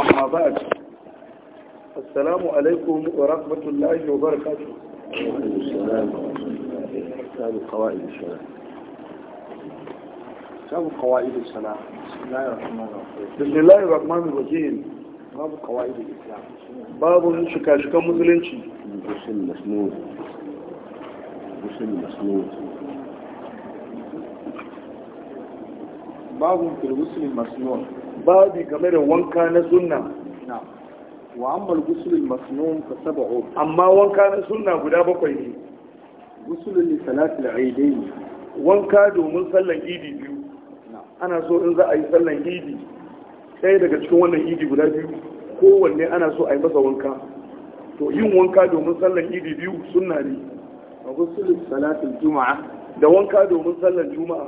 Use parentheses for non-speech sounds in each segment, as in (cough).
أما بعد السلام عليكم ورحمة الله وبركاته السلام كتاب قواعد الصلاة كتاب قواعد الصلاة بسم الله الرحمن الرحيم بسم الله الرحمن الرحيم باب قواعد الإسلام باب شكاشكا مسلمشي مسلم مسنود مسلم مسنود باب في المسلم مسنود babi game da wanka na sunna wa amma gusulul masnun fa sab'u amma wanka na sunna guda bakwai ne gusulul li salatil aidain wanka domin sallan idi biyu ana so in za a yi sallan idi Sai daga cikin wannan idi guda biyu kowanne ana so a yi masa wanka to yin wanka domin sallan idi biyu sunna ne wa gusulul salatil juma'a da wanka domin sallan juma'a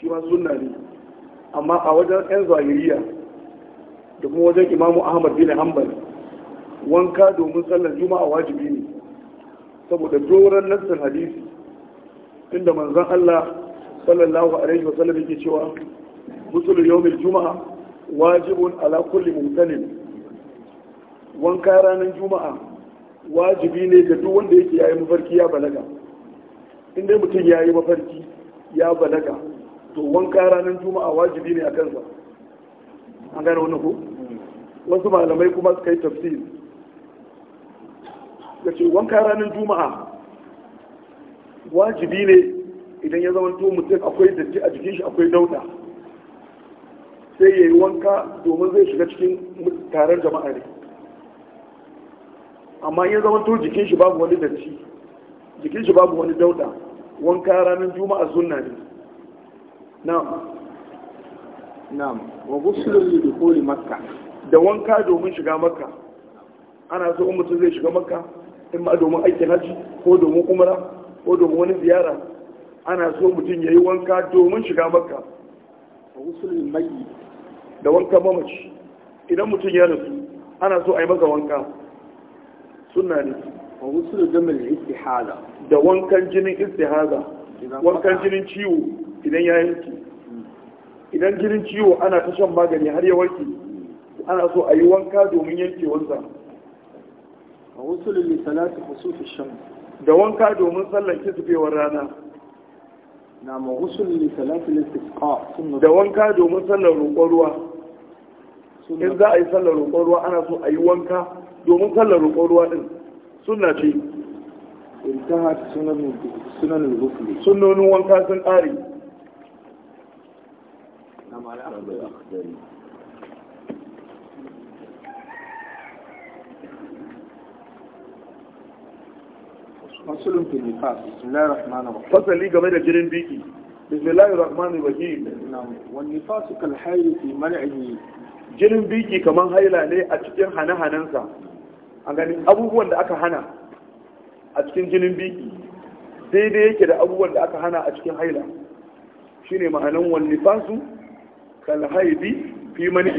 shi ma sunna ne amma a wajen yan zahiriya da kuma wajen imamu ahmad bin hanbal wanka domin sallar juma'a wajibi ne saboda doron nassin hadisi inda manzon Allah sallallahu alaihi wa sallam yake cewa musul yawmil juma'a wajibun ala kulli mutanin wanka ranar juma'a wajibi ne ga duk wanda yake yayi mafarki ya balaga in dai mutum yayi mafarki ya balaga to wanka ranar juma'a wajibi ne a kansa an gane wani ku wasu malamai kuma suka yi tafsir da ce wanka ranar juma'a wajibi ne idan ya zama to mutum akwai datti a jikin shi akwai dauda sai ya yi wanka domin zai shiga cikin taron jama'a ne amma ya zama to jikin shi babu wani datti jikin shi babu wani dauda wanka ranar juma'a sunna ne na'am na'am wa gusulun li dukhuli makka da wanka domin shiga makka ana so in mutum zai shiga makka in ma domin aikin hajji ko domin umra ko domin wani ziyara ana so mutum yayi wanka domin shiga makka wa gusulun mayyi da wanka mamaci idan mutum ya rasu ana so a yi masa wanka sunna ne wa gusulun damin istihaza da wankan jinin istihaza wankan jinin ciwo idan ya yanki idan jirin ciwo ana ta shan magani har ya warke ana so a yi wanka domin yankewarsa a wasu lullu salatu kusufi shan da wanka domin sallan kisufewar rana na ma wasu lullu salatu listisqa da wanka domin sallan roƙon ruwa in za a yi sallan roƙon ruwa ana so a yi wanka domin sallan roƙon ruwa din suna ce in ta hata sunanin wanka sun ƙare fasulun fil nifas bismillahir rahmanir rahim fasali game da jirin biki bismillahir rahmanir rahim wan nifas kal hayy fi mal'ihi jirin biki kaman haila ne a cikin hana-hanansa an gani abubuwan da aka hana a cikin jinin biki daidai yake da abubuwan da aka hana a cikin haila Shi ne ma'anan wan nifasu kalhaibi fi mani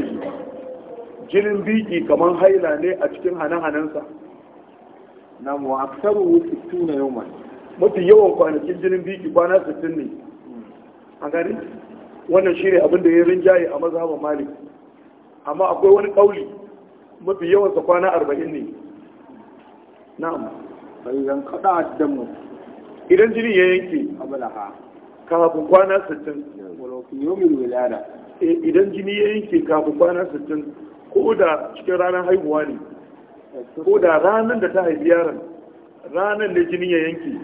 jinin biki kamar haila ne a cikin hane-hanensa na mu aksaru 60 yau yawman mafi yawan kwanakin jinin biki kwana 60 ne a gari wannan shine abin da ya rinjaye a mazhaban malik amma akwai wani kauli mafi yawan sa kwana 40 ne na'am bai zan kada addamu idan jini ya yanke abalaha kafin kwana 60 wala fi yawmin wilada E, idan jini ya yanke kafin kwana sittin ko da cikin ranar haihuwa ne ko da ranar da ta haifi yaron ranar da jini ya yanke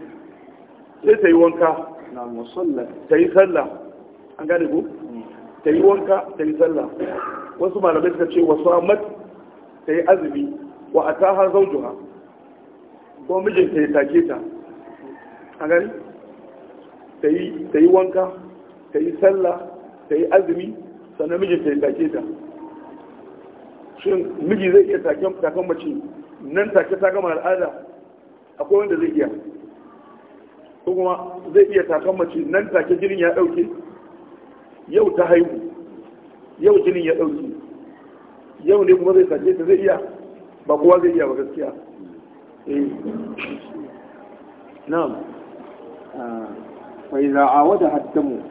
sai ta yi wanka ta yi sallah an gane ko hmm. ta yi wanka ta yi sallah wasu malamai suka ce wasu amat ta yi azumi wa a ta har zaujuha ko ta yi take ta an gani ta yi wanka ta yi sallah ta yi azumi sannan miji ta yi take ta shin miji zai iya takan mace nan take ta gama al'ada akwai wanda zai iya ko kuma zai iya takan mace nan take jinin ya dauke yau ta haihu yau jinin ya dauke yau ne kuma zai take ta zai iya ba kowa zai iya ba gaskiya eh na'am ah, fa idza awada haddamu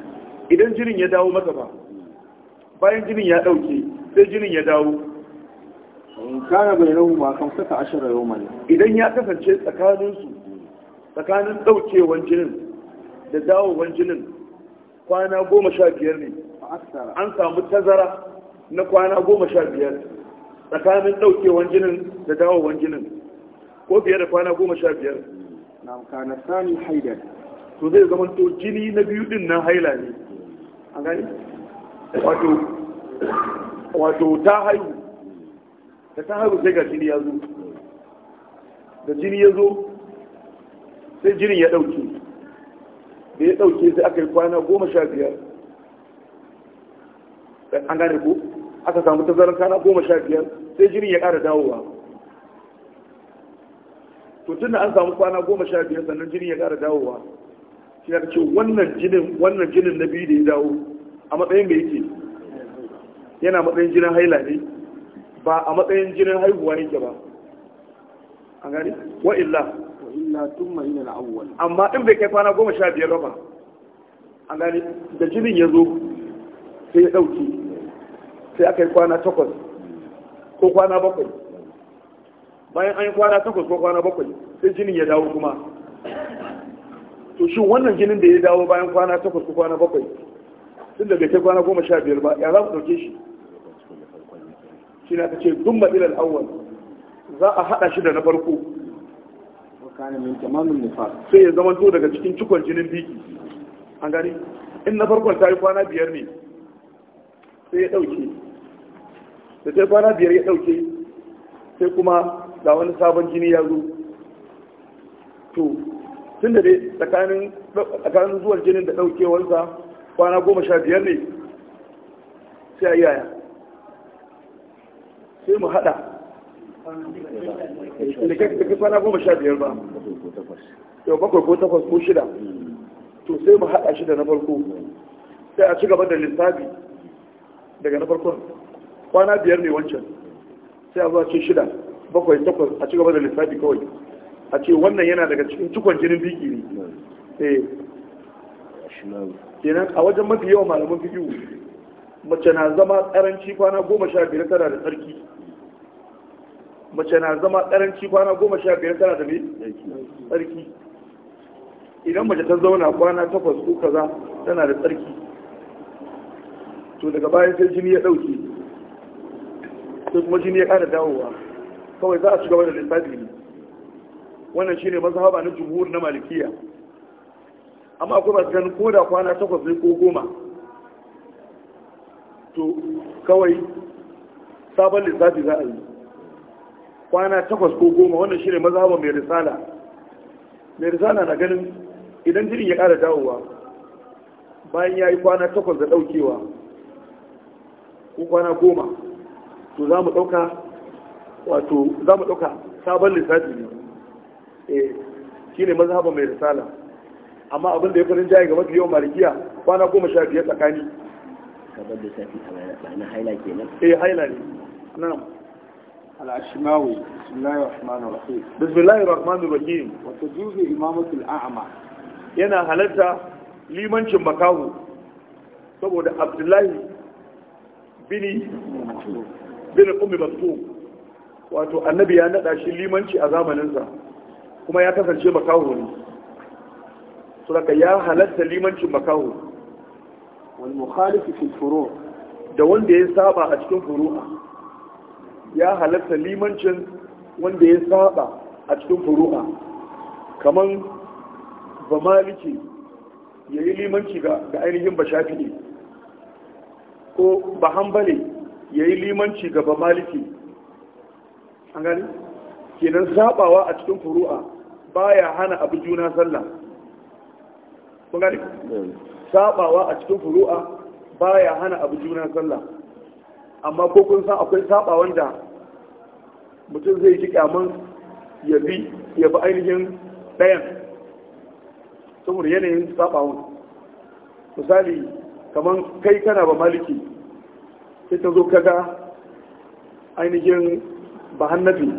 idan jinin ya dawo maka ba bayan jinin ya dauke sai jinin ya dawo kana bai rahu ba kan saka ashirar yau mai idan ya kasance tsakaninsu tsakanin daukewan jinin da dawowan jinin kwana goma sha biyar ne an samu tazara na kwana goma sha biyar tsakanin daukewan jinin da dawowan jinin ko fiye da kwana goma sha biyar na kana sani haidar to zai zama to jini na biyu din na haila ne an gani wato ta haihu da ta haihu sai ga jini ya zo da jini ya zo sai jini ya ɗauke da ya ɗauke sai aka yi kwana goma sha biyar an gane ko aka samu tazarar kwana goma sha biyar sai jini ya ƙara dawowa to tun da an samu kwana goma sha biyar sannan jini ya ƙara dawowa shi ya ce wannan jinin wannan jinin na biyu da ya dawo a matsayin da yake yana matsayin jinin haila ne ba a matsayin jinin haihuwa yake ba a gani wa illa amma in bai kai kwana goma sha biyar ba a gani da jinin ya zo sai ya dauki sai aka yi kwana takwas ko kwana bakwai bayan an yi kwana takwas ko kwana bakwai sai jinin ya dawo kuma to shi wannan jinin da ya dawo bayan kwana takwas ko kwana bakwai tun da bai kai kwana goma sha biyar ba ya za ku ɗauke shi shi na ta ce dun matsalar awon za a haɗa shi da na farko sai ya zama to daga cikin cikon jinin biki an gani in na farkon ta yi kwana biyar ne sai ya ɗauke da ta yi kwana biyar ya ɗauke sai kuma ga wani sabon jini ya zo to tun da dai tsakanin zuwan jinin da ɗaukewarsa kwana goma sha biyar ne sai a yaya sai mu haɗa da kai kwana goma sha biyar ba yau bakwai ko takwas ko shida to sai mu haɗa shi da na farko sai a ci gaba da lissafi daga na farkon kwana biyar ne wancan sai a zuwa ce shida bakwai takwas a ci gaba da lissafi kawai a ce wannan yana daga cikin cikon jinin biki ne eh. kenan a wajen mafi yawan malaman fiƙi mace na zama karanci kwana goma sha biyar tara da tsarki mace na zama karanci kwana goma sha biyar tara da tsarki idan mace ta zauna kwana takwas ko kaza tana da tsarki to daga bayan sai jini ya dauke, sai kuma jini ya ƙara dawowa kawai za a shiga wani lissafi ne wannan shi ne mazhaba na jumhur na malikiya amma akwai masu ganin ko da kwana takwas ne ko goma to kawai sabon lissafi za a yi kwana takwas ko goma wannan shi ne mazhaba mai risala mai risala na ganin idan jirin ya ƙara dawowa bayan ya yi kwana takwas da ɗaukewa ko kwana goma to za mu ɗauka wato za mu ɗauka sabon lissafi ne Eh, shine mazhaban mai risala amma abin da ya farin jaye ga mafi yawan malikiya kwana goma sha biyar tsakani kamar da shafi a na haila kenan eh haila ne na'am العشماوي بسم الله الرحمن الرحيم بسم الله الرحمن الرحيم وتجوز إمامة الأعمى yana halarta limancin makahu saboda abdullahi bini bin ummi maktum wato annabi ya naɗa shi limanci a zamaninsa kuma ya kasance makaho ne su daga ya halatta limancin makaho wani mukhalifi fi furu da wanda ya saba a cikin furu'a ya halatta limancin wanda ya saba a cikin furu'a kamar ba maliki ya yi limanci ga ainihin ba shafi'i ko ba hambale ya yi limanci ga ba maliki an gani kenan sabawa a cikin furu'a baya hana abu juna sallah kun gani sabawa a cikin furu'a baya hana abu juna sallah amma ko kun san akwai saba wanda mutum zai ji kyaman ya bi ya bi ainihin ɗayan saboda yanayin saba misali kamar kai kana ba maliki sai ta zo kaga ainihin ba hannabi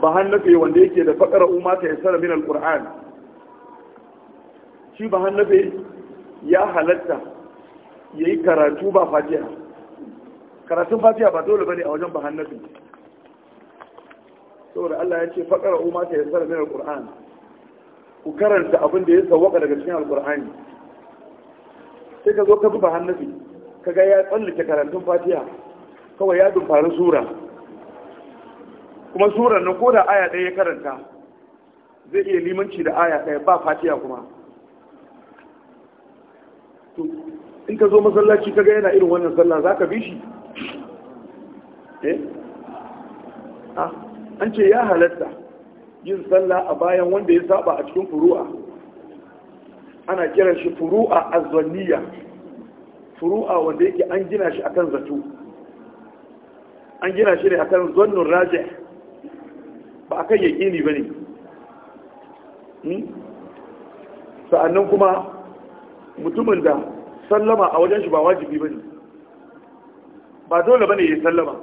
ba hannafe wanda yake da faƙara umma ta yasara min al-ƙur'an, shi ba hannafe ya halatta ya yi karatu ba fatiha karatun fatiha ba dole ba ne a wajen ba hannafe saboda Allah ya ce faƙara umma ta yasara min ƙuran ku karanta abin da ya sawwaka daga cikin alƙur'ani sai ka zo ka bi ba hannafe ga ya tsallake karatun fatiha kawai ya dumfari sura kuma surar na ko da aya ɗaya ya karanta zai iya limanci da aya ɗaya ba fatiya kuma in ka zo masallaci kaga yana irin wannan sallah za ka bi shi eh an ce ya halatta yin sallah a bayan wanda ya saba a cikin furu'a ana kiran shi furu'a azzanniya furu'a wanda yake an gina shi akan zato an gina shi ne akan zannun rajih ba a kan ni ba ne hmm? sa'annan kuma mutumin da sallama a wajen shi ba wajibi ba ne ba dole ba ne ya sallama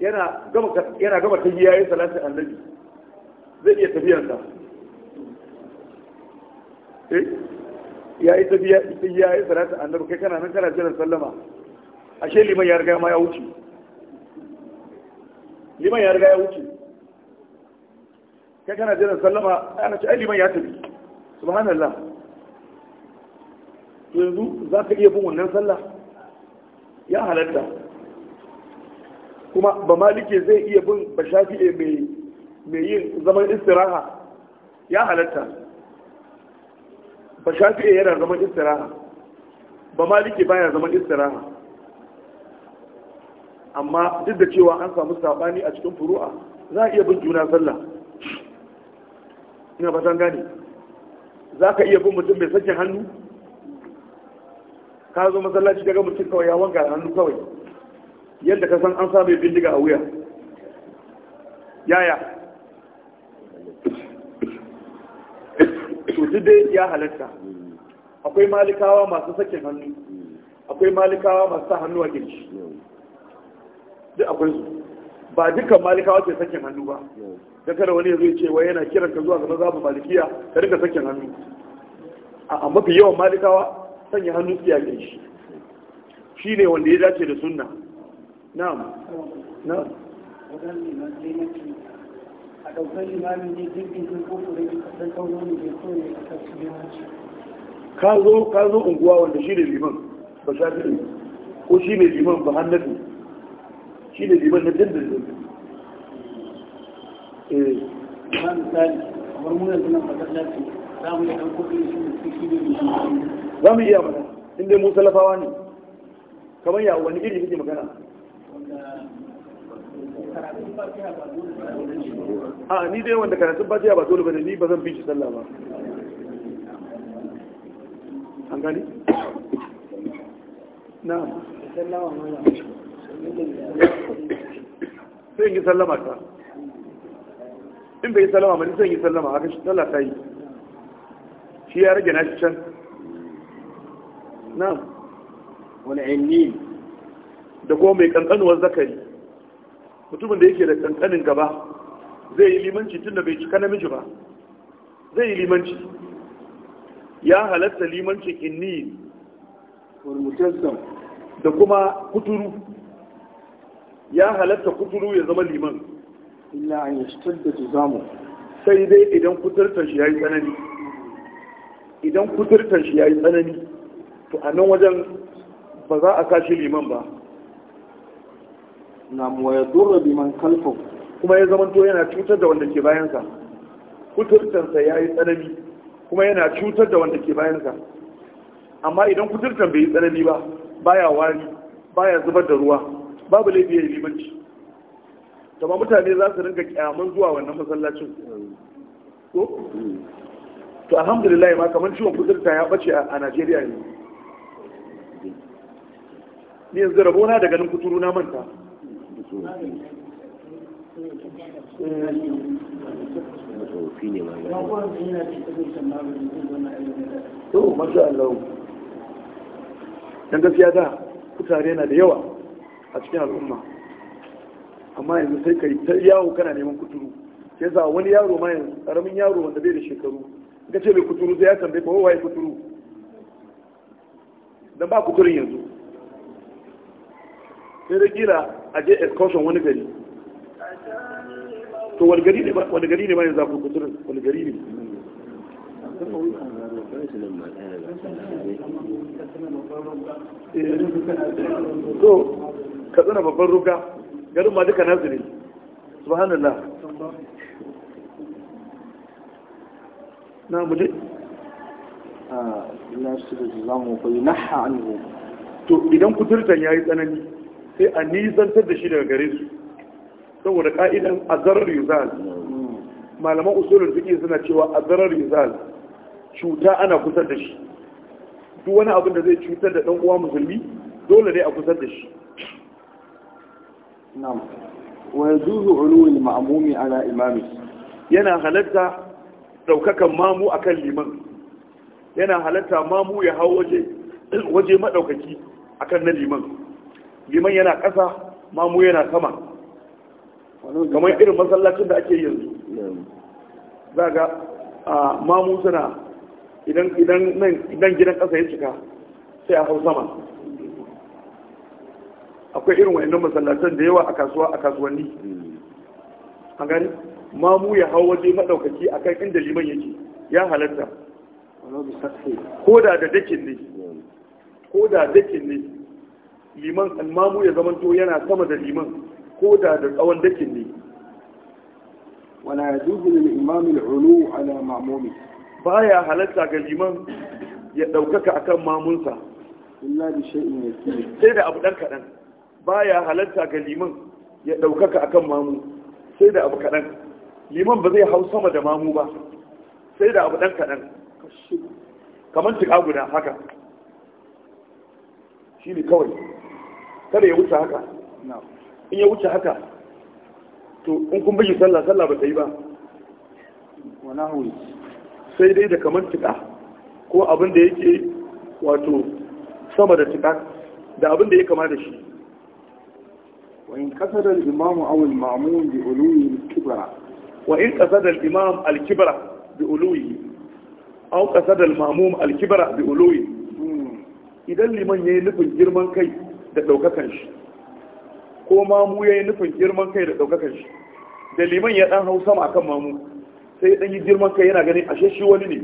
yana gama ta yi yayin salatin annabi zai iya tafiyarsa eh? ya yi tafiya ita ya yi salatin annabi kai kana nan kana jiran sallama ashe liman ya riga ma ya wuce liman ya riga ya wuce kai kana jiran sallama ana ce liman ya tafi subhanallah to yanzu za ka iya bin wannan sallah ya halatta kuma ba malike zai iya bin ba shafi eh, mai yin zaman istiraha ya halatta ba shafi eh, yana zaman istiraha ba malike baya zaman istiraha amma duk da cewa an samu saɓani a cikin furu'a za a iya bin juna sallah ina ba san gane za ka iya bin mutum mai sakin hannu ka zo masallaci daga mutum kawai ya wanka hannu kawai yadda ka san an sa mai bindiga a wuya yaya Su dai ya halatta akwai malikawa masu sakin hannu akwai malikawa masu sa hannu a girki duk akwai su ba dukkan malikawa ke sakin hannu ba da kada wani zai ce wai yana kiran zuwa ga mazabu malikiya ka rika sakin hannu a mafi yawan malikawa sanya hannu siya ke shi shi ne wanda ya dace da sunna na'am na'am a ɗaukar limamin ne jirgin sun koko da kasar kawo ne mai so ne a kasu limanci ka zo unguwa wanda shi ne liman ba shafi ko shi ne liman ba hannabi shi ne liman na eh. ba misali kamar muna za yi shi ne za mu iya mana in dai mu ne kamar ya a ni dai wanda karatun ya ba dole ba ni ba zan bi shi sallah ba an gani (coughs) na sallama mai sai in yi sallama ta in bai yi sallama ba sai in yi sallama haka shi sallah ta yi shi ya rage nashi can na'am wani ainihin da kuma mai kankanuwar zakari mutumin da yake da kankanin gaba zai yi limanci tun da bai cika namiji ba zai yi limanci ya halatta limancin inni da kuma kuturu ya halatta kuturu ya zama liman illa an yastadda tuzamu sai dai idan kuturtar shi yayi tsanani idan kuturtar shi yayi tsanani to a nan wajen ba za a kashi liman ba na mu ya durra man kalfa kuma ya to yana cutar da wanda ke bayansa ya yayi tsanani kuma yana cutar da wanda ke bayansa amma idan kuturtar bai yi tsanani ba baya wari baya zubar da ruwa babu laifi ya yi limanci kama mutane za su rinka kyaman zuwa wannan masallacin ko to alhamdulillah ma kamar ciwon kudurta ya bace a najeriya ne ni yanzu rabona da ganin kuturu na manta Yau masha Allah dan gaskiya da kutare na da yawa a cikin al'umma amma yanzu sai kai ta yawo kana neman kuturu sai za wani yaro ma yanzu karamin yaro wanda bai da shekaru ga ce mai kuturu sai ya tambaye ba waye kuturu dan ba kuturin yanzu sai da kila a je excursion wani gari to wani gari ne ma yanzu ku kuturin wani gari ne So, eh. Ka katsina babban ruga garin ma duka nazari subhanallah na muje a ah, nasu da zamu kwayi na hannu to idan kuturtan yi tsanani sai a nizantar da shi daga gare su saboda ka'idan zarar rizal malaman usulun fiqh suna cewa a zarar rizal cuta ana kusa da shi duk wani abin da zai cutar da ɗan uwa musulmi dole ne a kusa da shi wa yajuzu ulul ma'mumi ala imami yana halatta daukakan mamu akan liman yana halatta mamu ya hau waje (clears throat) waje madaukaki akan na liman liman yana ƙasa mamu yana sama kamar irin masallacin da ake yanzu za ga mamu suna idan gidan ƙasa ya cika sai a hau sama akwai irin wayannan masallatan da yawa a kasuwa a kasuwanni an gani ma mu ya hau waje madaukaki akan inda liman yake ya halatta ko da da dakin ne ko da dakin ne liman almamu ya to yana sama da liman ko da da tsawon dakin ne wala yajuzu lil imam al-ulu ala ma'mumi baya halatta ga liman ya daukaka akan mamunsa illa bi shay'in sai da abu dan kadan baya halarta ga liman ya ɗaukaka akan mamu sai da abu kaɗan liman ba zai hau sama da mamu ba sai da abu ɗan kaɗan kamar tuka guda haka shi ne kawai kada ya wuce haka in ya wuce haka to in kun bugi sallah sallah ba ta yi ba sai dai da kamar tuka ko abin da yake wato sama da tuka da abin da ya kama da shi وإن قصد الإمام أو المعمون بألوه الكبرى وإن قصد الإمام الكبرى بألوه أو قصد المعموم الكبرى بألوه إذا لمن ينفع الجرمان كي دوكا كنش كو مامو ينفع yi كي girman kai da liman ya dan hau sama akan mamu sai dan yi girman kai yana ganin ashe shi wani ne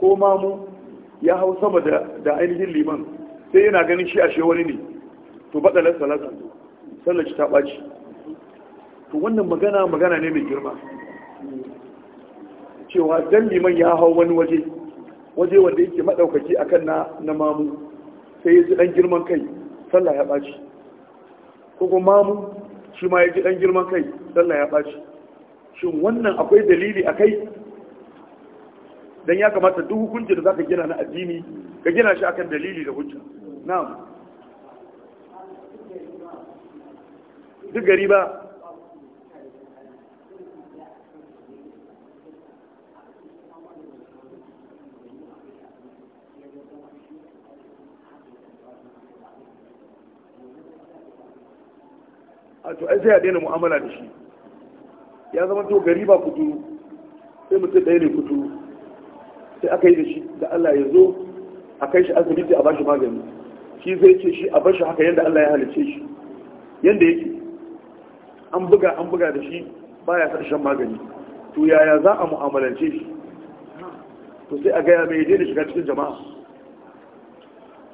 ko mamu ya hau sama da ainihin liman sai yana ganin shi ashe wani ne to lansa salatu sallaci ta ɓaci to wannan magana magana ne mai girma cewa dan liman ya hau wani waje waje wanda yake maɗaukaki a na na mamu sai ya ji ɗan girman kai sallah ya ɓaci ko kuma mamu shi ma ya ji ɗan girman kai sallah ya ɓaci shin wannan akwai dalili a kai don ya kamata duk hukuncin da za ka gina na addini ka gina shi akan dalili da hujja na'am duk gari ba a to ai sai a daina mu'amala da shi ya zama to gari ba kudu sai mutum ɗaya ne kudu sai aka yi da shi da Allah ya zo a kai shi asibiti a bashi magani shi zai ce shi a bashi haka yadda Allah ya halice shi yadda yake an buga an buga da shi baya sa shan magani to yaya za a mu'amalance shi to sai a gaya mai da shiga cikin jama'a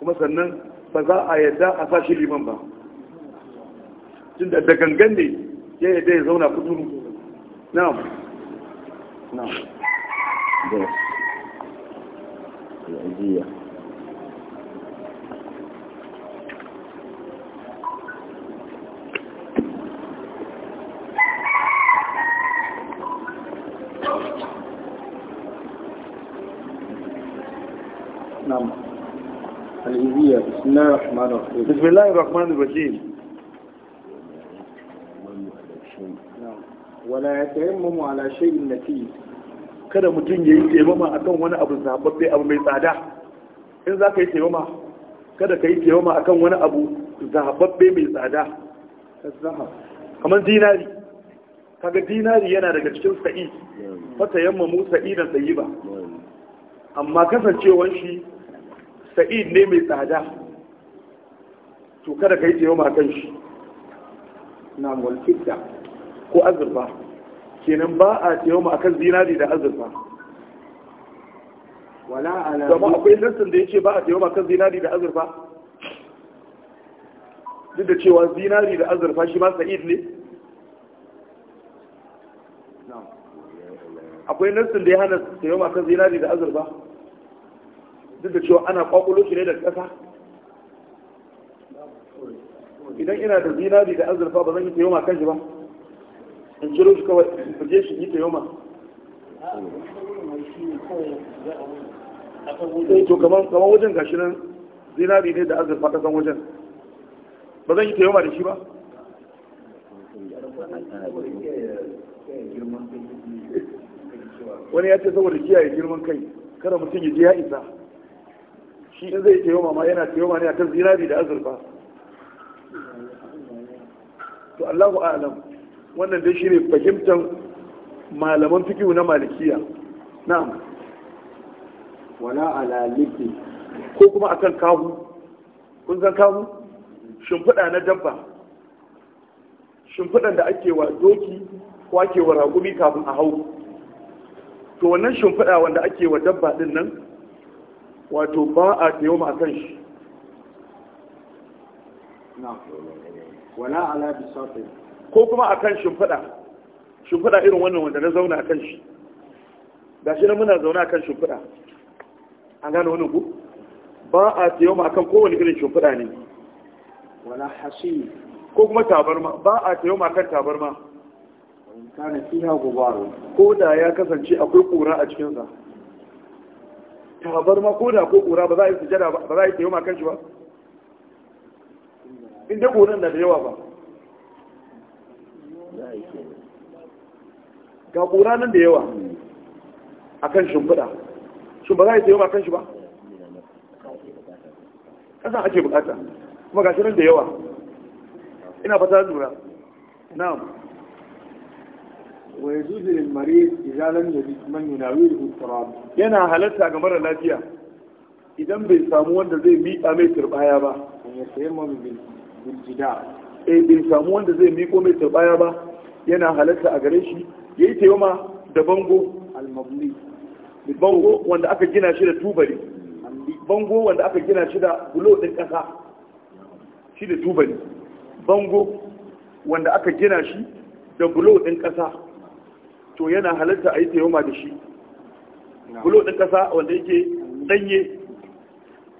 kuma sannan ba za a yadda a sashi liman ba tun da gangan ne ya yadda ya zauna kuturu na'am na'am da bismillahir rahmanir rahim wala yatayammamu ala shay'in nafi kada mutum yayi taimama akan wani abu zababbe abu mai tsada in za ka yi taimama kada ka yi taimama akan wani abu zababbe mai tsada kamar dinari kaga dinari yana daga cikin sa'i fata yammamu sa'idan sayi ba amma kasancewar shi sa'id ne mai tsada to kada ka yi tsayo ma kan shi na mulkita ko azurfa kenan ba a tsayo ma kan zinari da azurfa zama akwai lissin da ya ce ba a tsayo ma kan zinari da azurfa duk da cewa zinari da azurfa shi ma sa'id ne akwai nassin da ya hana tsayo ma kan zinari da azurfa duk da cewa ana kwakulo shi ne da kasa idan ina da zinari da azurfa ba zan yi tayoma kan shi ba in ciro shi kawai in fije shi yi tayoma sai eh, to kamar wajen gashi nan zinari ne da azurfa ta san wajen ba zan yi tayoma da shi ba wani ya ce saboda kiyaye girman kai kada mutum ya je ya isa shi in zai tayoma ma yana tayoma ne akan zinari da azurfa to Allahu a'lam wannan dai shine fahimtar malaman fikihu na malikiya na'am wala ala liki ko kuma akan kahu kun san kahu shimfiɗa na dabba shimfiɗan da ake wa doki ko ake wa raƙumi kafin a hau to wannan shimfiɗa wanda ake wa dabba din nan wato ba a taimama akan shi wala ala bisafi ko kuma akan shimfiɗa shimfiɗa irin wannan wanda na zauna kan shi da shi na muna zauna kan shimfiɗa an gane wani ku ba a tiyo ma kan kowane irin shimfiɗa ne wala hasi ko kuma tabarma ba a tiyo ma kan tabarma kana fiha gubaru ko da ya kasance akwai kura a cikin sa tabarma ko da akwai kura ba za a yi sujada ba za a yi tiyo ma kan shi ba in dai gonan na da yawa ba ga ƙura nan da yawa a kan shimfiɗa su ba za a yi tsaye ba kan shi ba ƙasa ake bukata kuma ga nan da yawa ina fata lura na wa yanzu da mare izalen da man yunawi da kusurwa yana halatta ga mara lafiya idan bai samu wanda zai miƙa mai turbaya ba biljida eh bai samu wanda zai miko mai turbaya ba yana halatta a gare shi yayi taimama da bango almabni bango wanda aka gina shi da tubali bango wanda aka gina shi da bulo din kasa shi da tubali bango wanda aka gina shi da bulo din kasa to yana halatta a yi taimama da shi bulo din kasa wanda yake danye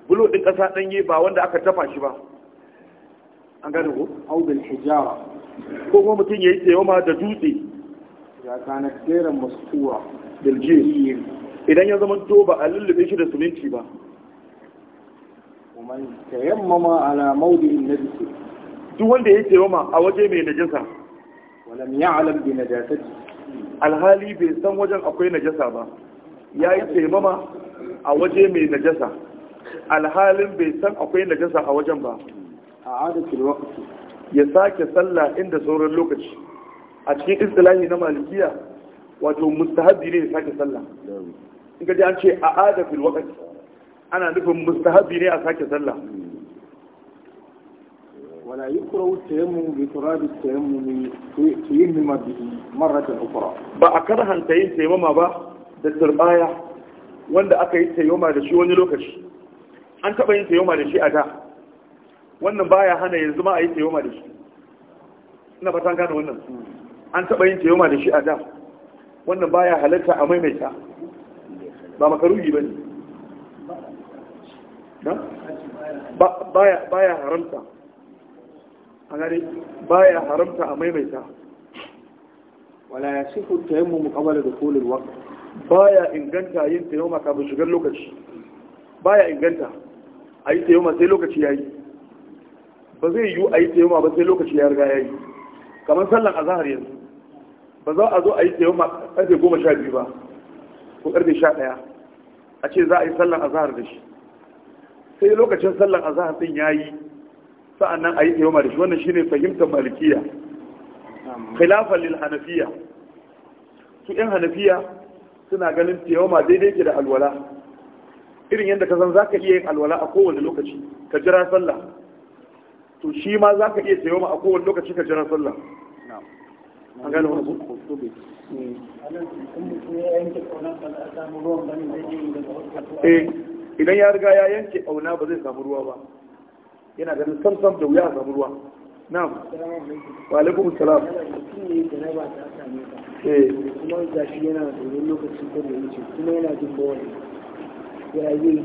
bulo din kasa danye ba wanda aka tafa shi ba an gane ko au bil hijara ko kuma mutum yayi ma da dutse ya kana tsere mastura bil jil idan ya zama to ba a lullube shi da suminci ba ومن تيمم على موضع nabi duk wanda ya ma a waje mai najasa walam ya'lam bi najasati alhali bai san wajen akwai najasa ba yayi tayammuma a waje mai najasa alhalin bai san akwai najasa a wajen ba a adadin lokaci ya sake tsalla inda sauran lokaci a cikin istilahi na malikiya wato mustahabi ne ya sake tsalla ga dai an ce a adadin lokaci ana nufin mustahabi ne a sake tsalla wala yi kura wuce yammu bai kura da ta yammu ne ta yi nima da marrakin kura ba a karhanta yin taimama ba da turbaya wanda aka yi taimama da shi wani lokaci an taɓa yin taimama da shi a da wannan baya hana yanzu ma a yi tayoma da shi ina fatan gane wannan an taɓa yin tayoma da shi a da wannan baya halatta a maimaita ba makaruhi ba ne baya haramta a gane baya haramta a maimaita wala ya shi kuta yin mu mukabala da kolin waka baya inganta yin tayoma kafin shigar lokaci baya inganta a yi tayoma sai lokaci ya yi ba zai yiwu a yi tsayoma ba sai lokaci ya riga ya yi kamar sallan azahar yanzu ba za a zo a yi tsayoma karfe goma sha biyu ba ko karfe sha ɗaya a ce za a yi sallan azahar da shi sai lokacin sallan azahar din ya yi sa'annan a yi tsayoma da shi wannan shine fahimtar malikiya khilafan lil hanafiya su ƴan hanafiya suna ganin tsayoma daidai ke da alwala irin yadda ka san za ka iya yin alwala a kowane lokaci ka jira sallah to shi ma za ka iya sayo ma a kowane lokaci ka jira sallah an gane wani hmm. eh, eh, idan ya riga ya yanke auna ba zai samu ruwa ba yana ganin samsam da wuya a samu ruwa na'am wa alaikum salam eh da shi yana da kuma yana jin ya yi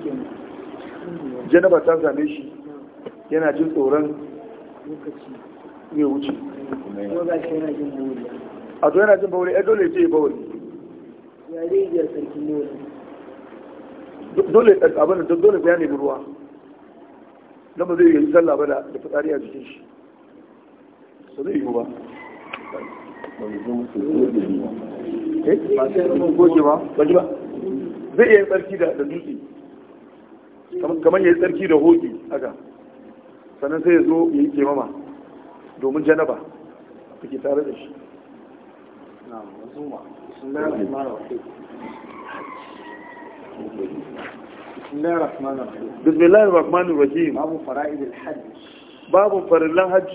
yake ta same shi yana jin tsoron ya wuce a to yana jin bauri ya dole ce bauri dole abin da dole ya nemi ruwa don ba zai yi sallah ba da fitsari a jikin shi so zai yi eh? ba zai iya yin tsarki da dutse kamar ya yi tsarki da hoki haka sannan sai ya zo ya yi kemama domin janaba da ke tare da shi بسم الله الرحمن الرحيم باب فرائض الحج باب فرائض الحج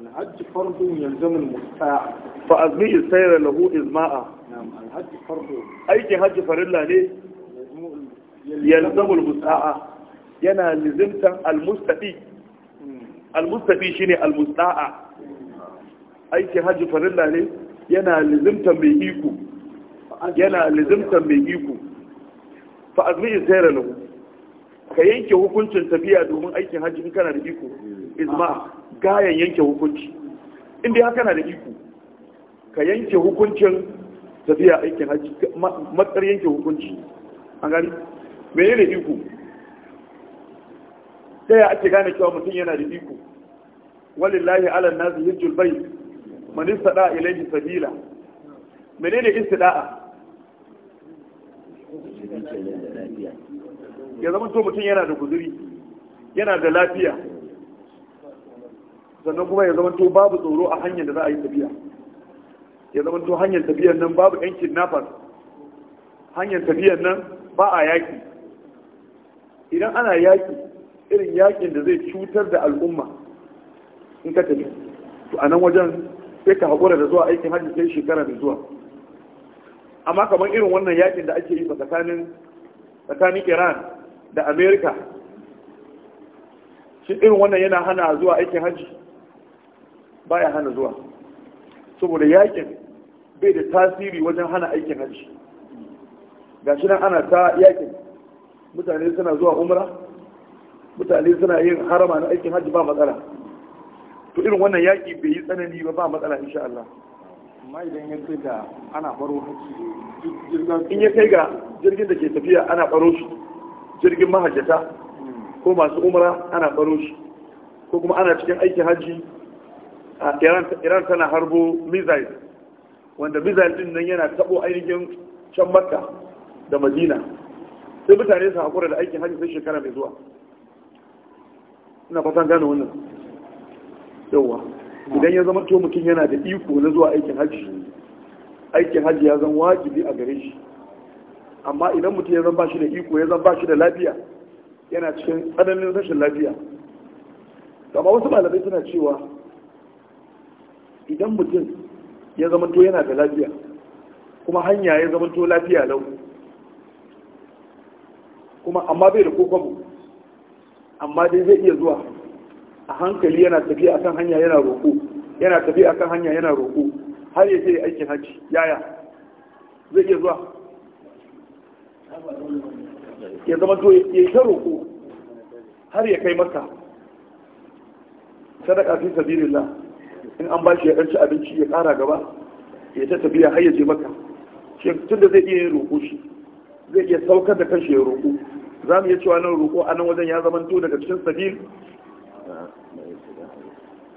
الحج فرض يلزم المستطاع فأزمي السير له إزماء نعم الحج فرض أي حج الله ليه يلزم المستطاع ينا لزمت المستطيع al-mustafi shine al-musta'a aiki haji farilla ne yana lizimtar mai iko yana lizimtan mai iko fa azmi sayra lahu ka yanke hukuncin tafiya domin aikin haji in kana da iko izma gayan yanke hukunci in dai haka na da iko ka yanke hukuncin tafiya aikin haji matsar yanke hukunci an gani ne iko sai ya ake gane cewa mutum yana da iko walillahi ala nazi hijjul bai manista da ilaihi sabila menene da'a ya zama to mutum yana da kuzuri yana da lafiya sannan kuma ya zama to babu tsoro a hanyar da za a yi tafiya ya zama to hanyar tafiyar nan babu yan kidnappers hanyar tafiyar nan ba a yaki idan ana yaki irin yakin da zai cutar da al'umma in ka tafi to a nan wajen sai ka haƙura da zuwa aikin hajji sai shekara da zuwa amma kamar irin wannan yakin da ake yi tsakanin tsakanin iran da america shi irin wannan yana hana zuwa aikin hajji baya hana zuwa saboda yakin bai da tasiri wajen hana aikin hajji ga shi nan ana ta yakin mutane suna zuwa umra mutane suna yin harama na aikin hajji ba matsala to irin wannan yaƙi bai yi tsanani ba ba matsala insha Allah amma idan ya kai ga ana baro hajji in ya kai ga jirgin da ke tafiya ana baro shi jirgin mahajjata ko masu umra ana baro shi ko kuma ana cikin aikin hajji a Iran tana harbo missile wanda missile din nan yana tabo ainihin can Makka da Madina sai mutane su haƙura da aikin hajji sai shekara mai zuwa ina fatan gane wannan yawa idan ya zama to mutum yana da iko na zuwa aikin hajji aikin hajji ya zama wajibi a gare shi amma idan mutum ya zama ba shi da iko ya zama ba shi da lafiya yana cikin tsananin rashin lafiya amma wasu malamai suna cewa idan mutum ya zama to yana da lafiya kuma hanya ya zama to lafiya lau kuma amma bai da kokobo amma dai zai iya zuwa a hankali yana tafiya akan hanya yana roƙo yana tafiya akan hanya yana roƙo har ya yi aikin hajji yaya zai iya zuwa ya zama to ya yi ta roƙo har ya kai maka sadaka fi sabilillah in an ba shi ya ɗanci abinci ya ƙara gaba ya ta tafiya har ya je maka shi tun da zai iya yin roƙo shi zai iya saukar da kanshi ya roƙo za mu iya cewa nan roƙo a nan wajen ya to daga cikin sabil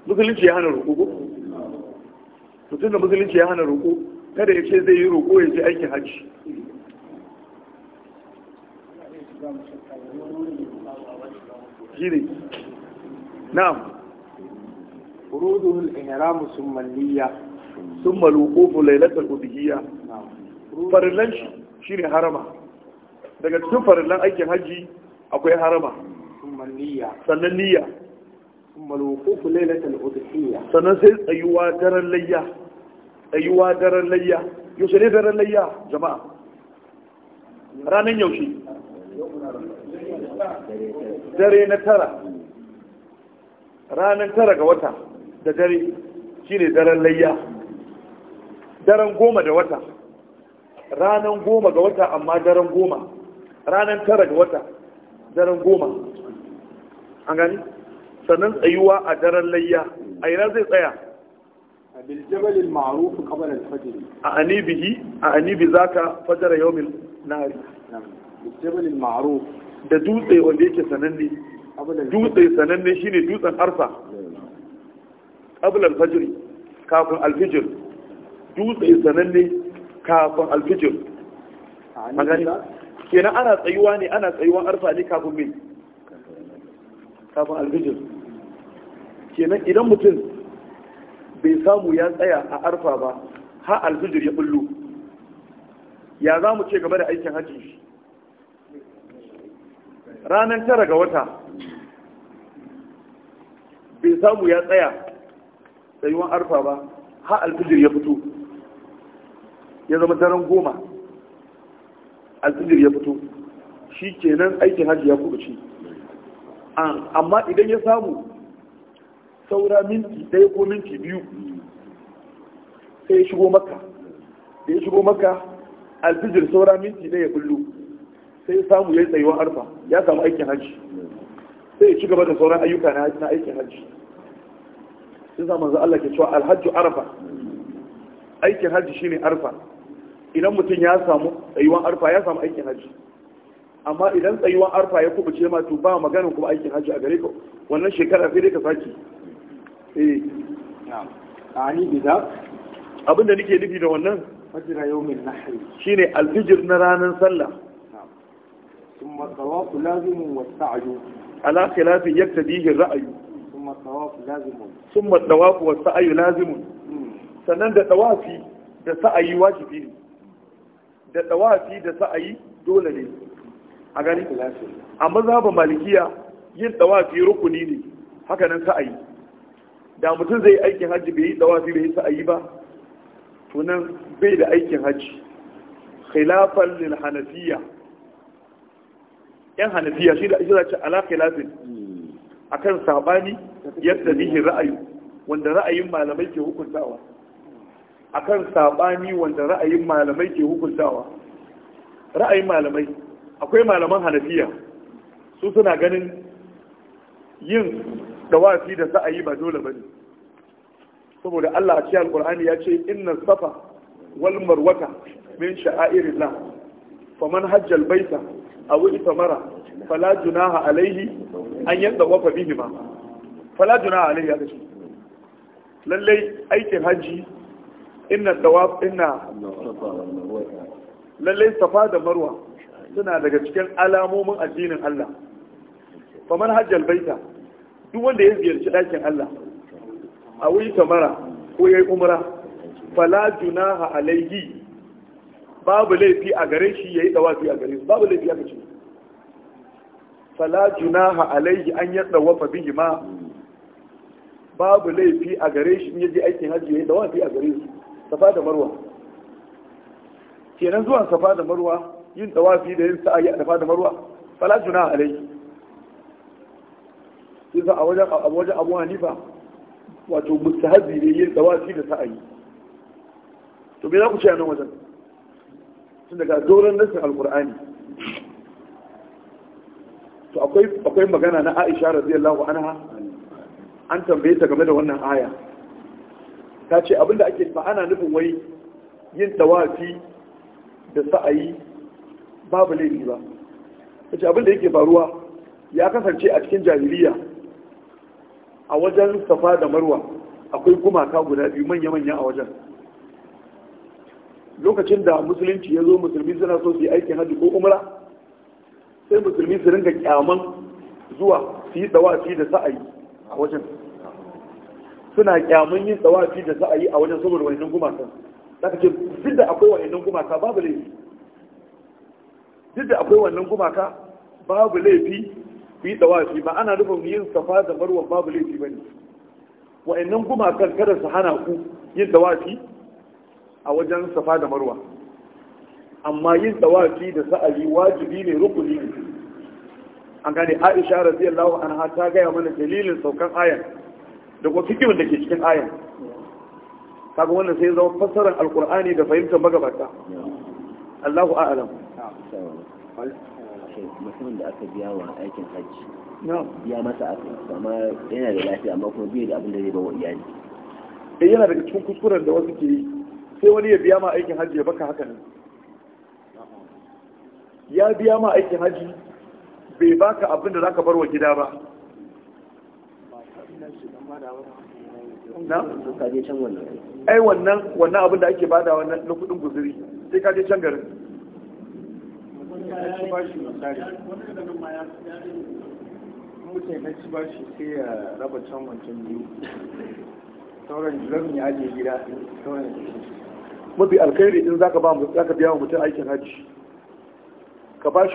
musulunci ya hana roƙo mutum da musulunci ya hana roƙo kada ya ce zai yi roƙo ya ce aikin hajji jiri na'am furudul ihram summa niyya summa ko wuquf Farin udhiyya shi ne harama daga cikin farillan aikin hajji akwai harama sannan niyya sannan sai tsayuwa daren layya tsayuwa daren layya yaushe ne daren layya jama'a ranar yaushe dare na tara ranar tara ga wata da dare shine daren layya daren goma da wata ranar goma ga wata amma daren goma ranar tara ga wata daren goma an gani sannan tsayuwa a daren layya a ina zai tsaya a biljabalin ma'arufu kamar alfajiri a anibihi a anibi za ka fajara yawmin nari biljabalin ma'aruf da dutse wanda yake sananne dutse sananne shine dutsen arfa qabla alfajiri kafin alfijir dutse sananne kafin alfijir magana kenan ana tsayuwa ne ana tsayuwan arfa ne kafin mai kafin Albijir. kenan idan mutum bai samu ya tsaya a arfa ba ha Albijir ya bullo ya za mu ce gaba da aikin hajji ranar tara ga wata bai samu ya tsaya tsayuwan arfa ba ha Albijir ya fito ya zama daren goma alfijir ya fito shi kenan aikin hajji ya kubuce amma idan ya samu saura minti ɗaya ko minti biyu sai ya shigo maka da ya shigo maka alfijir saura minti ɗaya ya bullo sai ya samu ya yi tsayuwar arfa ya samu aikin hajji sai ya ci gaba da sauran ayyuka na aikin hajji sai samun manzo Allah ke cewa alhajju arfa aikin hajji shine arfa idan mutum ya samu tsayuwan arfa ya samu aikin hajji amma idan tsayuwan arfa ya kubuce ma to ba maganin kuma aikin hajji a gare ka wannan shekara sai dai ka saki eh na'am ani bida abinda nake nufi da wannan fajira yawmin nahr shine alfijir na ranar sallah ثم wa sa'yu ala على yaktabihi ra'yu kuma ثم الطواف kuma ثم wa sa'yu لازم hmm. sannan da tawafi da sa'ayi wajibi ne da dawafi da sa'ayi dole ne a gani a mazhabin malikiya yin dawafi rukuni ne haka nan sa'ayi da mutum zai aikin hajji bai yi dawafi bai yi sa'ayi ba to nan bai da aikin hajji khilafan lil hanafiya yan hanafiya shi da shi ala khilafin akan sabani yadda bihi ra'ayi wanda ra'ayin malamai ke hukuntawa akan sabani wanda ra'ayin malamai ke hukuntawa ra'ayin malamai akwai malaman hanafiya su suna ganin yin dawafi da sa'ayi ba dole bane saboda Allah a cikin alqur'ani ya ce inna safa wal marwata min sha'airillah faman hajja al baita aw itamara fala junaha alayhi an bihi ma fala junaha alayhi ya ce lallai aikin haji inna dawab inna lallai safa da marwa suna daga cikin alamomin addinin Allah faman hajjal baita duk wanda ya ziyarci ɗakin Allah a wuyi tamara ko yayi umra fala junaha alayhi babu laifi a gare shi yayi dawafi a gare shi babu laifi a kace fala junaha alayhi an yadda wafa bihi ma babu laifi a gare shi in yaji aikin hajji yayi dawafi a gare shi safa da marwa kenan zuwan safa da marwa yin tawafi da yin sa'ayi a safa da marwa fala juna alai sai a wajen a wajen Abu Hanifa wato mustahabi ne yin tawafi da sa'ayi to me za ku ce nan wajen tun daga doron nasin alkur'ani to akwai magana na Aisha radiyallahu anha an tambaye ta game da wannan aya ta ce abinda ake ba ana nufin wai yin tawafi da sa'ayi babu laifi ba ta ce abinda yake faruwa ya kasance a cikin jahiliya a wajen safa da marwa akwai gumaka guda biyu manya-manya a wajen lokacin da musulunci ya zo musulmi suna so su yi aikin hajji ko umra sai musulmi su ringa kyaman zuwa su yi tawafi da sa'ayi a wajen suna kyamun yin tsawafi da sa'ayi a wajen saboda wayannan gumakan za ka ce duk da akwai wayannan gumaka babu laifi duk da akwai wannan gumaka babu laifi ku yi tsawafi ba ana nufin yin safa da marwa babu laifi ba ne wayannan gumakan kada su hana ku yin tsawafi a wajen safa da marwa amma yin tsawafi da sa'ayi wajibi ne rukuni ne an gane aisha radiyallahu anha ta gaya mana dalilin saukan ayan da kuma fikirin da ke cikin ayan kaga wannan sai zama fassarar alkur'ani da fahimtar magabata Allahu a'lam eh, mutumin da aka biya wa aikin hajji biya masa aka amma yana da lafiya amma kuma biya da abin da zai ba wa iyali eh yana daga cikin kuskuren da wasu ke yi sai wani ya biya ma aikin hajji ya baka haka nan ya biya ma aikin hajji bai baka abin da zaka bar wa gida ba ai wannan wannan abin da ake bada wannan na kudin sai ka je can garin mafi alkhairi in zaka ba biya wa mutum aikin hajji ka ba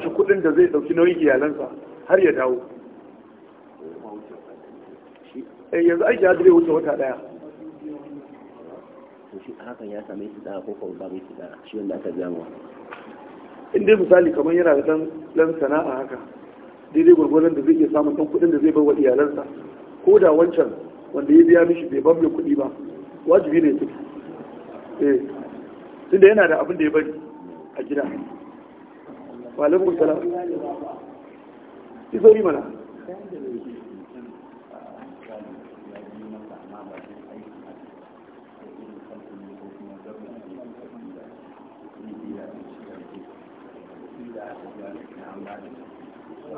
shi kudin da zai dauki nauyin iyalansa har ya dawo Eh, yanzu aiki ya zai wuce wata daya hakan ya same shi da ko ko ba mai da shi wanda aka biya mu in dai misali kamar yana da dan dan sana'a haka daidai gurgurun da zai iya samun dan kuɗin da zai bar wa iyalansa ko da wancan wanda ya biya mishi bai bar mai kuɗi ba wajibi ne tuki eh tunda yana da abin da ya bari a gida wa alaikum salam yi mana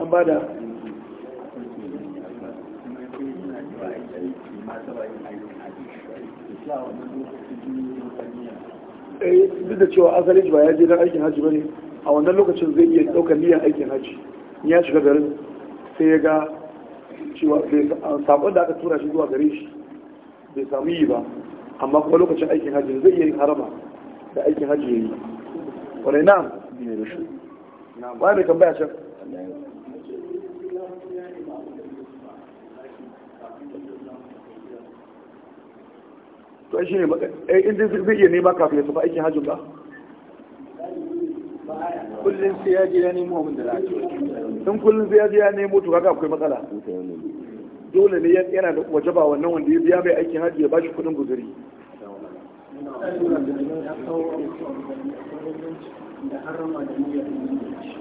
an ba da eh, duk da cewa asali ba ya je don aikin hajji ba ne a wannan lokacin zai iya daukar niyan aikin hajji Ni ya shiga garin sai ya ga cewa sabon ah, da aka tura shi zuwa gare shi bai samu yi ba amma kuma lokacin aikin hajji zai iya yin harama da aikin hajji ya yi wadai na wa mai tambaya can to shi ne ba eh, inda zai iya nema kafin ya tafi aikin hajji ba kullum sai ya je ya nemo abin da za in kullum sai ya je ya nemo to kaga akwai matsala dole ne yana da wajaba wannan wanda ya biya mai aikin hajji ya ba shi kudin guzuri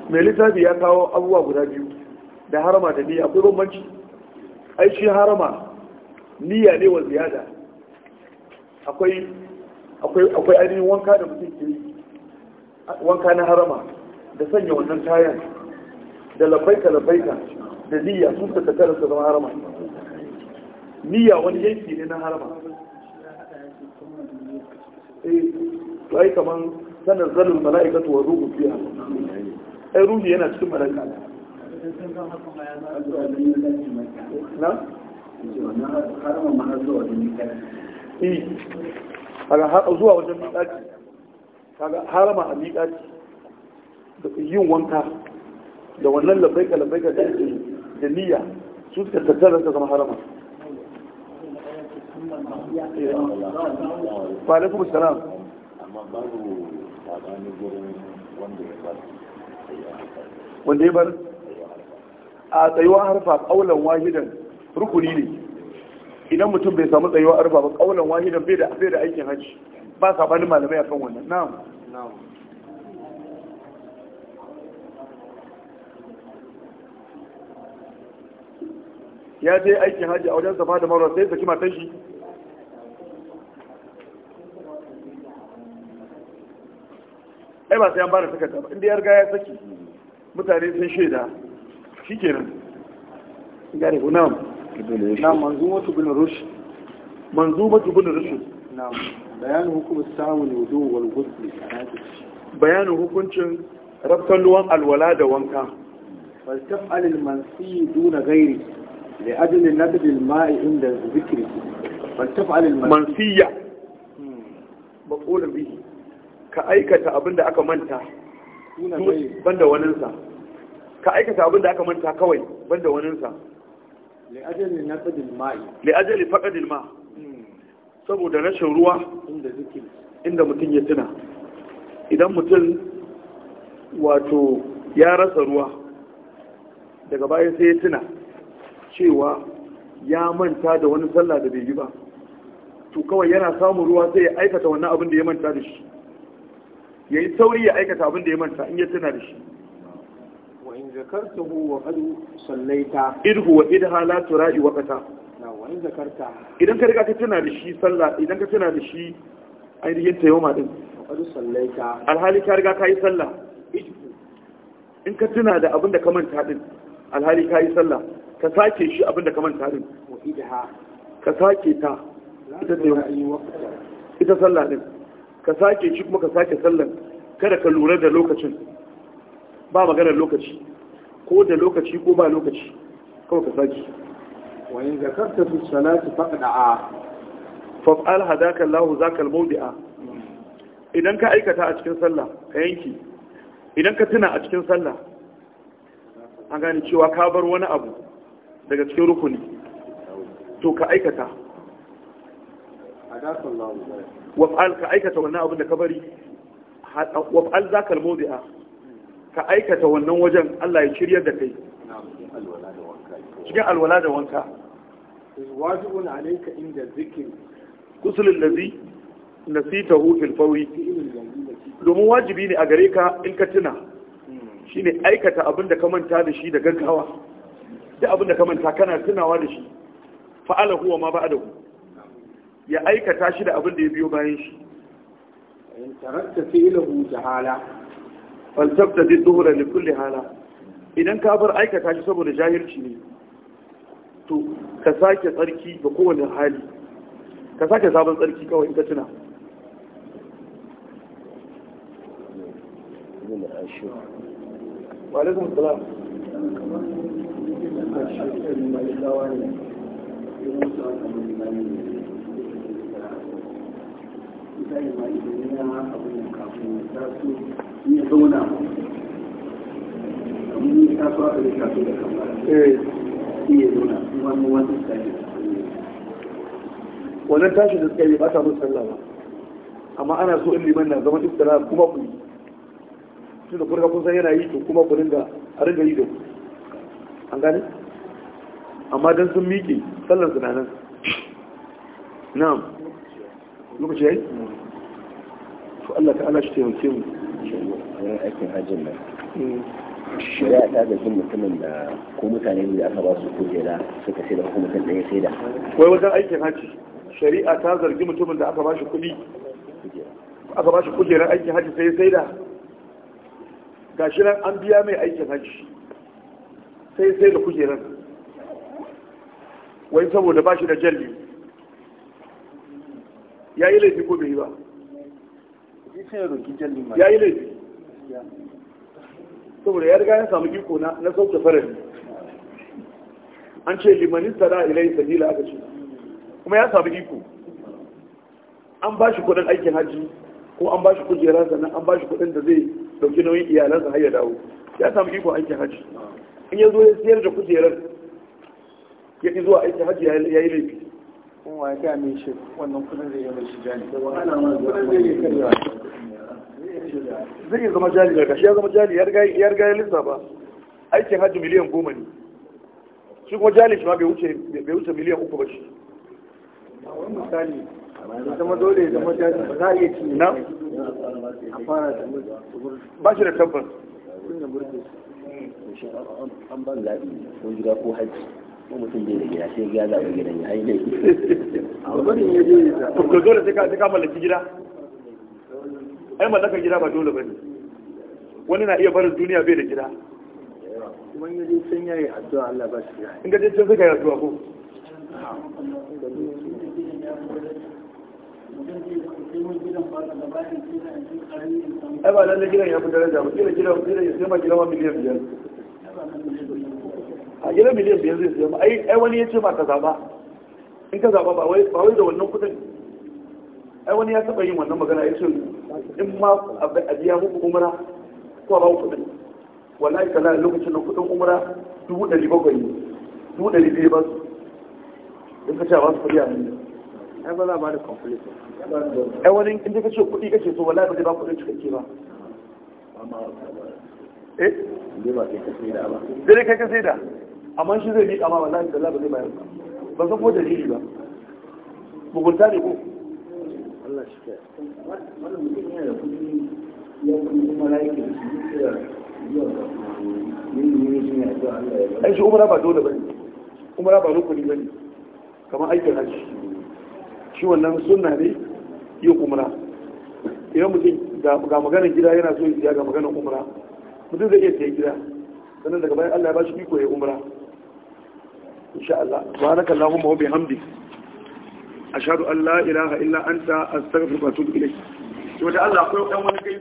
mai littafi ya kawo abubuwa guda biyu da harama da niyya akwai bambanci ai shi harama niyya ne wa ziyada akwai ainihin wanka da mutum ke wanka na harama da sanya wannan kayan da labbaika labbaika da niyya sun ta tattara su zama harama niyya wani yanki ne na harama eh sanar zalin mala'ikatu wa ruhu fiya ai ruhi yana cikin mala'ika na? har zuwa wajen miƙaci kaga harama a miƙaci yin wanka da wannan labaika labaika da ake da niyya su suka tattara ta zama harama ba alaikum salam amma babu wanda ya bar a tsayuwa harfa kaulan wahidan rukuni ne idan mutum bai samu tsayuwa harfa ba kaulan wahidan bai da aikin haji, ba sa bani malamai akan wannan na'am ya je aikin haji a wajen safa da marwa sai saki matan shi ai ba sai an bada takarda ba inda ya riga ya saki mutane sun shaida shikenan gari ku na'am na manzumatu bin manzu manzumatu bin rushd na bayanin hukumar sawun wudu wal ghusl bayanin hukuncin rabkan ruwan alwala da wanka wal taf'al al mansi duna ghairi li ajli nadb al ma'i inda zikri wal taf'al al mansiya hmm. maqulun bihi ka aikata abin da aka manta banda waninsa ka aikata abin da aka manta kawai banda waninsa ajali faƙadil ma saboda rashin ruwa inda mutum ya tuna idan mutum wato ya rasa ruwa daga bayan sai ya tuna cewa ya manta da wani sallah da bai yi ba to kawai yana samun ruwa sai ya aikata wannan abin da ya manta da shi ya yi sauri ya aikata abin da ya manta in ya tuna da shi wa in hu wa qad sallaita idhu wa idha la tura'i waqata wa in zakarta idan ka riga ka tuna da shi sallah idan ka tuna da shi ainihin tayyoma din qad sallaita alhali ka riga ka yi sallah in ka tuna da abin da ka manta din alhali ka yi sallah ka sake shi abin da ka manta din ka sake ta ita sallah din ka sake shi kuma ka sake sallan kada ka lura da lokacin ba maganar lokaci ko da lokaci ko ba lokaci kawai ka sake wani karta su salatu faɗa a faf'al hadaka Allah zaka al-mawdi'a idan ka aikata a cikin sallah ka yanki idan ka tuna a cikin sallah an gane cewa ka bar wani abu daga cikin rukuni to ka aikata hadaka waf'al ka aikata wannan abin da ka bari waf'al za ka almodi'a ka aikata wannan wajen Allah ya shirya da kai cikin alwala da wanka wajibun alayka inda zikir kusul lazi nasitahu fil fawri domin wajibi ne a gare ka in ka tuna shine aikata abin da ka manta da shi da gaggawa duk abin da ka manta kana tunawa da shi fa'ala huwa ma ba'adahu ya aikata shi da abin da ya biyo bayan shi in tarakta fi'lahu jahala fal tabtadi dhuhra li kulli hala idan ka bar aikata shi saboda jahilci ne to ka sake tsarki ga kowane hali ka sake sabon tsarki kawai in ka tuna wa alaikum salam kamar wannan tashi da tsaye ba ta musu sallah ba amma ana so in liman na zama iftira kuma ku yi tun da kurka kun san yana yi to kuma ku ringa a ringa yi da ku an gane amma dan sun miƙe sallan su na nan na'am lokaci yayi to Allah ta'ala shi taimake mu wurin aikin hajjin nan mm. shari'a ta zargin mutumin da ko mutane ne aka ba su kujera suka sai da ko mutum ɗaya sai da wai wajen aikin hajji shari'a ta zargi mutumin da aka ba shi kuɗi aka ba shi kujerar aikin hajji sai sai da shi nan an biya mai aikin hajji sai sai da kujerar wai saboda ba shi da jalli ya yi laifi ko bai yi ba ya yi laifi saboda ya riga ya samu iko na sauke farari an ce limanin tara ilai sabila aka ce kuma ya samu iko an ba shi kudin aikin hajji ko an ba shi kujera sannan an ba shi kudin da zai dauki nauyin iyalansa har ya dawo ya samu iko aikin hajji in ya zo ya siyar da kujerar ya ki zuwa aikin hajji ya yi laifi kuma wa ya mai shi wannan kudin zai yi mai shi jani kudin zai yi karewa zai iya zama jali daga shi ya zama jali ya riga ya lissafa aikin hajji miliyan goma ne shi kuma jali shi ma bai wuce miliyan uku ba shi a wani misali zama dole zama jali ba za a iya cinye na a fara da ba shi da tabbas an ban zaɓi ko gida ko hajji mutum bai da gida sai ya zaɓi gidan ya ai (laughs) dai to dole sai ka mallaki gida ai mallakar gida ba dole wani na iya barin duniya bai da gida kuma in yaje yayi addu'a Allah ba shi in ga can sai ka addu'a ko ai ba lalle gidan ya fi daraja ba kila gidan kila ya sai ma gidan wa miliyan biyar a gina miliyan biyar zai zama ai wani ya ce ba ka zaba in ka zaba ba wai da wannan kudin ai wani ya taba yin wannan magana ya ce in ma a biya muku umara ko ba kudin ita na lokacin da kudin umara dubu ɗari bakwai dubu ɗari biyu ba su in ka ce ba su kudi a nan ai ba za ba da conflict ai wani in ka ce kudi ce so wallahi ba zai ba kudin cikakke ba eh dai kai ka sai da amma shi zai miƙa ma wallahi da labarai bayan ba ba san ko dalili ba mugunta ne ko Allah shi ka wannan mutum yana da kudi ya kuma malaiki da shi ya ai shi umara ba dole bane umara ba rukuni bane kamar aikin hajji shi wannan sunna ne yi umara idan mutum ga maganar gida yana so ya ga maganar umara mutum zai iya siya gida sannan daga bayan Allah ya ba shi iko ya umara insha Allah subhanaka allahumma wa bihamdik ashhadu an la ilaha illa anta astaghfiruka wa atubu ilayk da Allah akwai wani